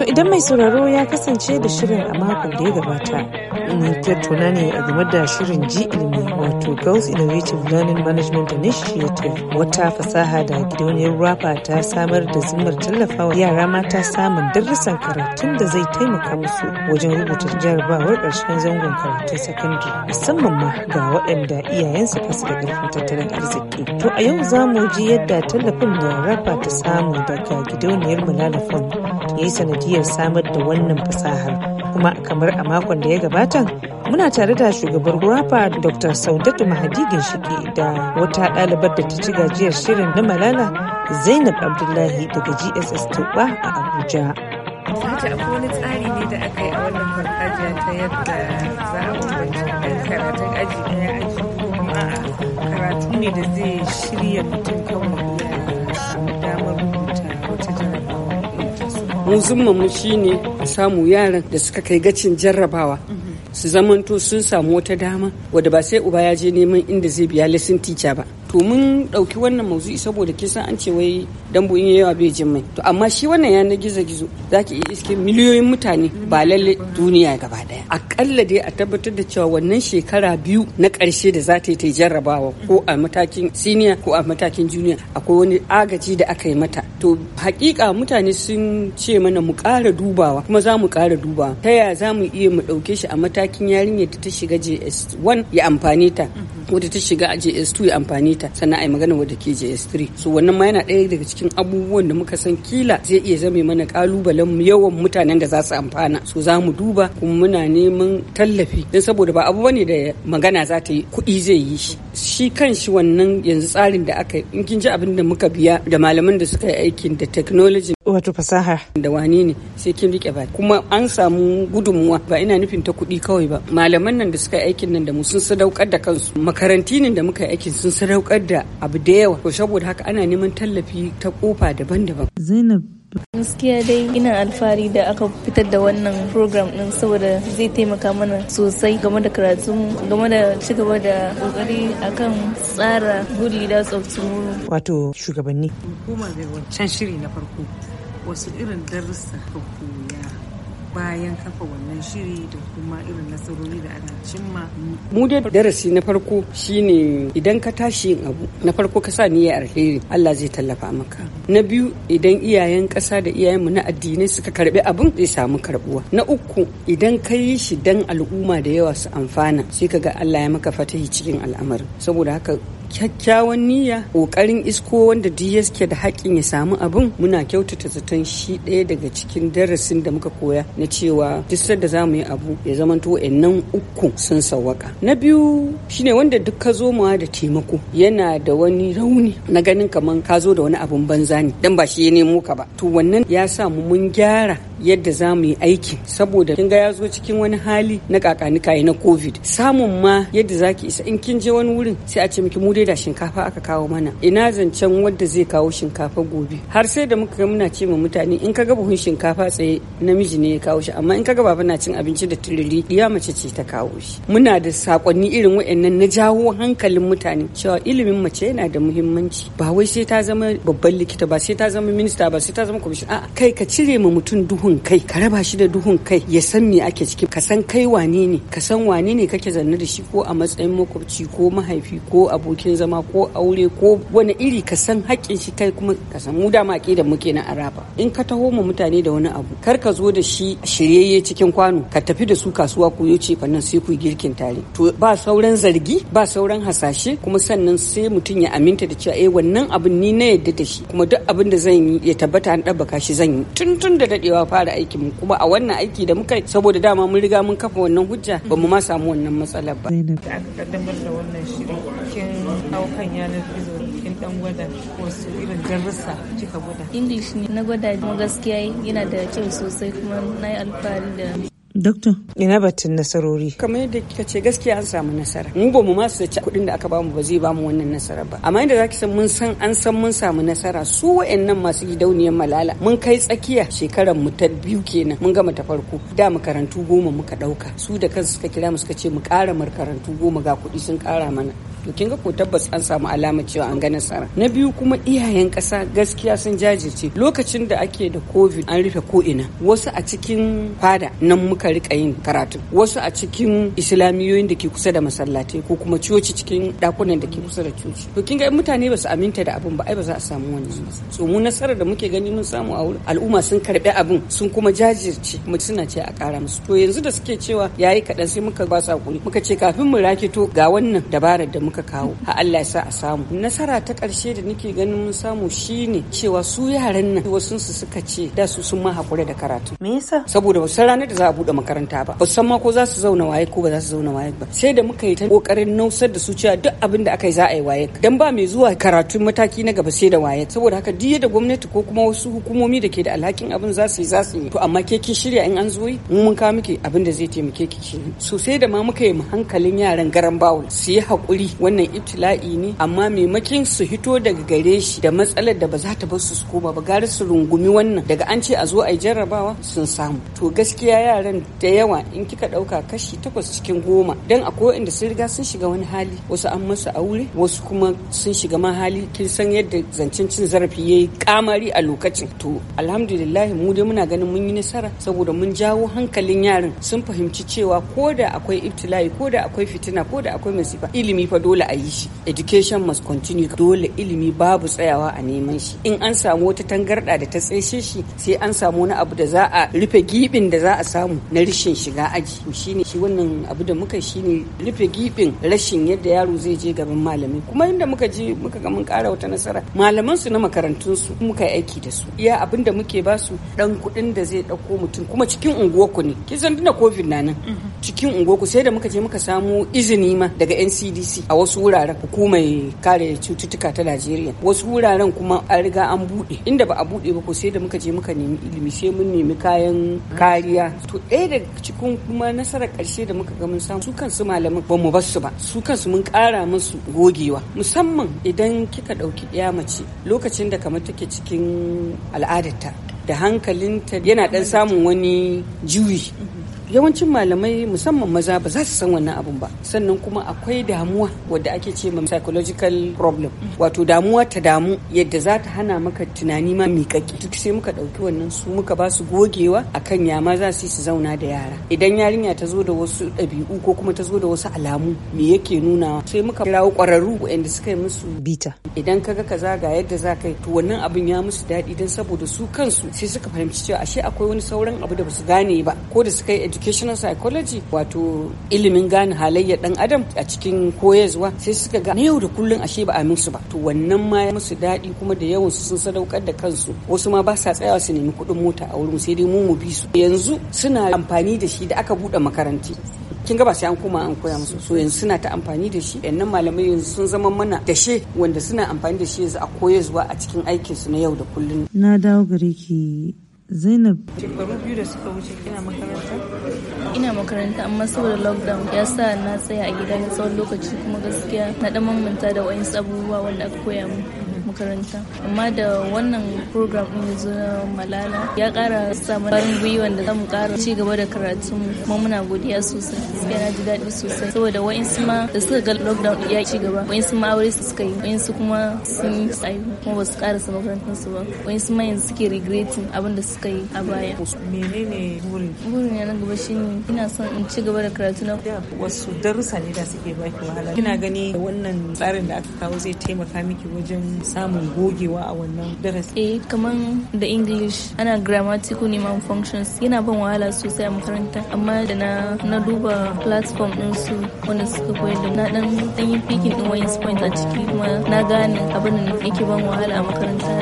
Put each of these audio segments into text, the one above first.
To idan mai sauraro ya kasance da shirin a makon da ya gabata, mun tattauna ne a game da shirin ji ilimi wato Girls Innovative Learning Management Initiative wata fasaha da gidauniyar rafa ta samar da zimmar tallafawa yara mata samun darussan karatun da zai taimaka musu wajen rubuta jarabawar ƙarshen zangon karatun sakandare musamman ma ga waɗanda iyayensu ba su da ƙarfin tattalin arziki. To a yau za mu ji yadda tallafin da rapper ta samu daga gidauniyar Malala Fund ya yi yar samar da wannan fasahar kuma kamar a makon da ya gabata muna tare da shugabar rafa dr saudatu mahadi ginshiki da wata ɗalibar da ta ci gajiyar shirin na malala zainab abdullahi daga gss tuba a abuja Sata akwai wani tsari da aka yi ta yadda za a karatun ne da zai shirya mutum kan mu mu shine a samu yaran da suka kai gacin jarrabawa mhm. su zamanto sun samu wata dama wadda ba sai uba ya je neman inda zai biya lesson teacher ba to mun ɗauki wannan mauzu'i saboda ke san an ce wai dambu in yawa bai jin mai to amma shi wannan yana gizo gizo zaki iya iske miliyoyin mutane ba lalle duniya gaba daya akalla dai a tabbatar da cewa wannan shekara biyu na ƙarshe da za ta yi ta jarrabawa ko a matakin senior ko a matakin junior. akwai wani agaji da aka yi mata to hakika mutane sun ce mana mu ƙara dubawa kuma za mu ƙara dubawa ta yaya za mu iya mu ɗauke shi a matakin yarinyar da ta shiga js1 ya amfane ta wadda ta shiga js2 ya amfane ta sannan a yi magana wadda ke js3 so wannan ma yana ɗaya daga cikin abubuwan da muka san kila zai iya zame mana kalubalen yawan mutanen da za su amfana so za mu duba kuma muna neman tallafi don saboda ba abu bane da magana za ta yi kuɗi zai yi shi shi kan shi wannan yanzu tsarin da aka yi in kin ji abin da muka biya da malaman da suka yi aikin da technology wato fasaha da wani ne sai kin rike ba kuma an samu gudunmuwa ba ina nufin ta kuɗi kawai ba malaman nan da suka yi aikin nan da mu sun sadaukar da kansu makaranti da muka yi aikin sun sadaukar da abu da yawa to saboda haka ana neman tallafi ta kofa daban-daban zainab gaskiya dai ina alfahari da aka fitar da wannan program din saboda zai taimaka mana sosai game da karatunmu game da cigaba da kokari akan tsara guri da of wato shugabanni hukumar da wancan shiri na farko wasu irin darussa ko bayan kafa wannan shiri da kuma irin nasarori da ana cimma. Mu dai darasi na farko shine idan ka tashi yin abu na farko ka sa niyyar alheri Allah zai tallafa maka. Na biyu idan iyayen ƙasa da iyayenmu na addinai suka karbi abun zai samu karbuwa. Na uku idan ka yi shi dan al'umma da yawa su amfana sai ka ga Allah ya maka fatahi cikin al'amarin. Saboda haka kyakkyawan niyya ƙoƙarin isko wanda duk yake da haƙƙin ya samu abin muna kyautata zaton shi ɗaya daga cikin darasin da muka koya na cewa duk da za mu yi abu ya zama zamanto nan uku sun sawaka na biyu shine wanda duk ka zo da taimako yana da wani rauni na ganin kaman ka zo da wani abun banza ne dan ba shi ya nemo ka ba to wannan ya sa mu mun gyara yadda za mu yi aiki saboda kin ga ya zo cikin wani hali na kakanika na covid samun ma yadda za ki isa in kin je wani wurin sai a ce miki mu dai da shinkafa aka kawo mana ina zancen wanda zai kawo shinkafa gobe har sai da muka ga muna ce ma mutane in ka ga buhun shinkafa tsaye namiji ne ya kawo shi amma in ka ga baba na cin abinci da tururi iya mace ce ta kawo shi muna da sakonni irin wa'annan na jawo hankalin mutane cewa ilimin mace yana da muhimmanci ba wai sai ta zama babban likita ba sai ta zama minista ba sai ta zama kwamishin a'a kai ka cire ma mutum duhun duhun kai ka raba shi da duhun kai ya san me ake ciki ka san kai wane ne ka san wane ne kake zanne da shi ko a matsayin makwabci ko mahaifi ko abokin zama ko aure ko wani iri ka san haƙƙin shi kai kuma ka san mu da maƙi da muke na araba in ka taho mu mutane da wani abu kar ka zo da shi shiryayye cikin kwano ka tafi da su kasuwa ku yi ce fannin sai ku girkin tare to ba sauran zargi ba sauran hasashe kuma sannan sai mutum ya aminta da cewa eh wannan abin ni na yadda da shi kuma duk abin da zan yi ya tabbata an ɗabbaka shi zan yi tun tun da dadewa fa fara aikin mu kuma a wannan aiki da muka saboda dama mun riga mun kafa wannan hujja ba mu ma samu wannan matsalar ba. Da aka kaddamar da wannan shirin kin daukan yanar gizo kin dan gwada wasu irin darussa kika gwada. English ne na gwada kuma gaskiya yana da kyau sosai kuma na yi alfahari da Doktor. Ina batun nasarori. Kamar yadda kika ce gaskiya an samu nasara. Mu ba mu ma su ci kuɗin da aka bamu ba zai bamu wannan nasara ba. Amma inda zaki san mun san an san mun samu nasara su wa'annan masu gidauniyar Malala mun kai tsakiya shekarar mu ta biyu kenan mun gama ta farko. Da makarantu goma muka ɗauka su da kansu suka kira mu suka ce mu ƙara makarantu goma ga kuɗi sun ƙara mana. to kin ko tabbas an samu alama cewa an ga nasara na biyu kuma iyayen kasa gaskiya sun jajirce lokacin da ake da covid an rufe ko ina wasu a cikin fada nan muka rika yin karatu wasu a cikin islamiyoyin da ke kusa da masallatai ko kuma coci cikin dakunan da ke kusa da coci to kin mutane ba su aminta da abin ba ai ba za a samu wani so mu nasarar da muke gani mun samu a al'umma sun karbi abin sun kuma jajirce mu suna ce a kara musu to yanzu da suke cewa yayi kaɗan sai muka ba su hakuri muka ce kafin mu rakito ga wannan dabarar da muka kawo a Allah ya sa a samu nasara ta ƙarshe da nake ganin mun samu shine cewa su yaran nan wasu su suka ce da su sun ma hakura da karatu me yasa saboda wasu ranar da za a bude makaranta ba ba san ma ko za su zauna waye ko ba za su zauna waye ba sai da muka yi ta kokarin nausar da su cewa duk abin da aka yi za a yi waye dan ba mai zuwa karatu mataki na gaba sai da waye saboda haka duk da gwamnati ko kuma wasu hukumomi da ke da alhakin abin za su yi za su yi to amma ke ki shirya in an zo yi mun kawo miki abin da zai taimake ki sosai da ma muka yi hankalin yaran garan bawul su yi hakuri wannan ibtila'i ne amma maimakin su hito daga gare shi da matsalar da ba za ta bar su su koma ba gare su rungumi wannan daga an ce a zo a yi jarrabawa sun samu to gaskiya yaran da yawa in kika ɗauka kashi takwas cikin goma dan akwai inda sun riga sun shiga wani hali wasu an masa aure wasu kuma sun shiga ma hali kin san yadda zancen cin zarafi yayi kamari a lokacin to alhamdulillah mu dai muna ganin mun yi nasara saboda mun jawo hankalin yaran sun fahimci cewa ko da akwai ibtila'i ko da akwai fitina ko da akwai masifa ilimi fa dole a yi shi education must continue dole ilimi babu tsayawa a neman shi in an samu wata tangarda da ta tsaishe shi sai an samu wani abu da za a rufe gibin da za a samu na rashin shiga aji shine shi wannan abu da muka shine rufe gibin rashin yadda yaro zai je gaban malami kuma inda muka je muka ga mun kara wata nasara malaman su na makarantun su muka yi aiki da su iya abin da muke ba su dan kuɗin da zai dauko mutum kuma cikin ku ne kin san covid na nan mm-hmm. cikin ku sai da muka je muka samu izini ma daga NCDC a wasu wuraren hukumar kare cututtuka ta Najeriya wasu wuraren kuma an riga an buɗe inda ba a buɗe ba ko sai da muka je muka nemi ilimi sai mun nemi kayan kariya to ɗaya da cikin kuma nasarar ƙarshe da muka ga mun samu su kansu malamin ba mu bar su ba su kansu mun ƙara musu gogewa musamman idan kika ɗauki ɗaya mace lokacin da kamar take cikin al'adarta da hankalinta yana ɗan samun wani juyi yawancin malamai musamman maza ba za su san wannan abun ba sannan kuma akwai damuwa wadda ake ce ma psychological problem wato damuwa ta damu yadda za ta hana maka tunani ma kake duk sai muka dauki wannan su muka ba su gogewa akan yama za su yi su zauna da yara idan yarinya ta zo da wasu ɗabi'u ko kuma ta zo da wasu alamu me yake nunawa. sai muka kirawo ƙwararru waɗanda suka yi musu bita idan ka ga kaza ga yadda za ka yi to wannan abun ya musu daɗi don saboda su kansu sai suka fahimci cewa ashe akwai wani sauran abu da ba su gane ba ko da suka yi educational psychology wato ilimin gane halayyar dan adam a cikin koyarwa sai suka ga na yau da kullun ashe ba a musu ba to wannan ma ya musu daɗi kuma da yawan su sun sadaukar da kansu wasu ma ba sa tsayawa su nemi kuɗin mota a wurin sai dai mu mu bi su yanzu suna amfani da shi da aka buɗe makaranti kin ga ba sai an koma an koya musu so yanzu suna ta amfani da shi yannan malamai yanzu sun zama mana dashe wanda suna amfani da shi yanzu a koyarwa a cikin aikinsu na yau da kullun na dawo gare ki Zainab. Shekaru biyu da suka wuce ina makaranta? Ina makaranta amma saboda lockdown ya sa na tsaya a gida na tsawon lokaci kuma gaskiya na ɗan mamanta da wayansu abubuwa wanda aka koya mu. makaranta amma da wannan program din zo na malala ya kara sa farin gwiwa da zamu kara ci gaba da karatu kuma muna godiya sosai gaskiya na ji daɗi sosai saboda su ma da suka ga lockdown ya ci gaba su ma aure su suka yi su kuma sun tsayi kuma ba su karasa makarantar su ba su ma yanzu suke regretting abin da suka yi a baya. menene burin? burin na gaba shine ina son in ci gaba da karatu na. wasu darussa ne da suke baki wahala kina gani wannan tsarin da aka kawo zai taimaka miki wajen samun gogewa a wannan darasi eh kaman da english ana grammatical neman functions yana ban wahala sosai a makaranta amma da na na duba platform ɗinsu su wanda suka koyar da na dan dan yi picking ɗin wayan a ciki kuma na gane abin da yake ban wahala a makaranta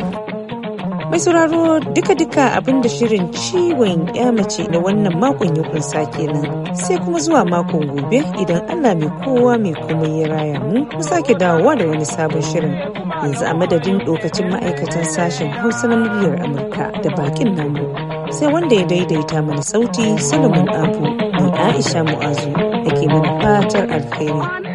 Mai sauraro duka-duka abinda shirin ciwon ya mace na wannan makon ya kunsa kenan. Sai kuma zuwa makon gobe idan Allah mai kowa mai kuma ya raya mu ku sake dawowa da wani sabon shirin. Yanzu a madadin dokacin ma'aikatan sashen Hausa na muryar Amurka da bakin namu. Sai wanda ya daidaita mana sauti salomon Abu mai Aisha Mu'azu da ke mana fatar alheri.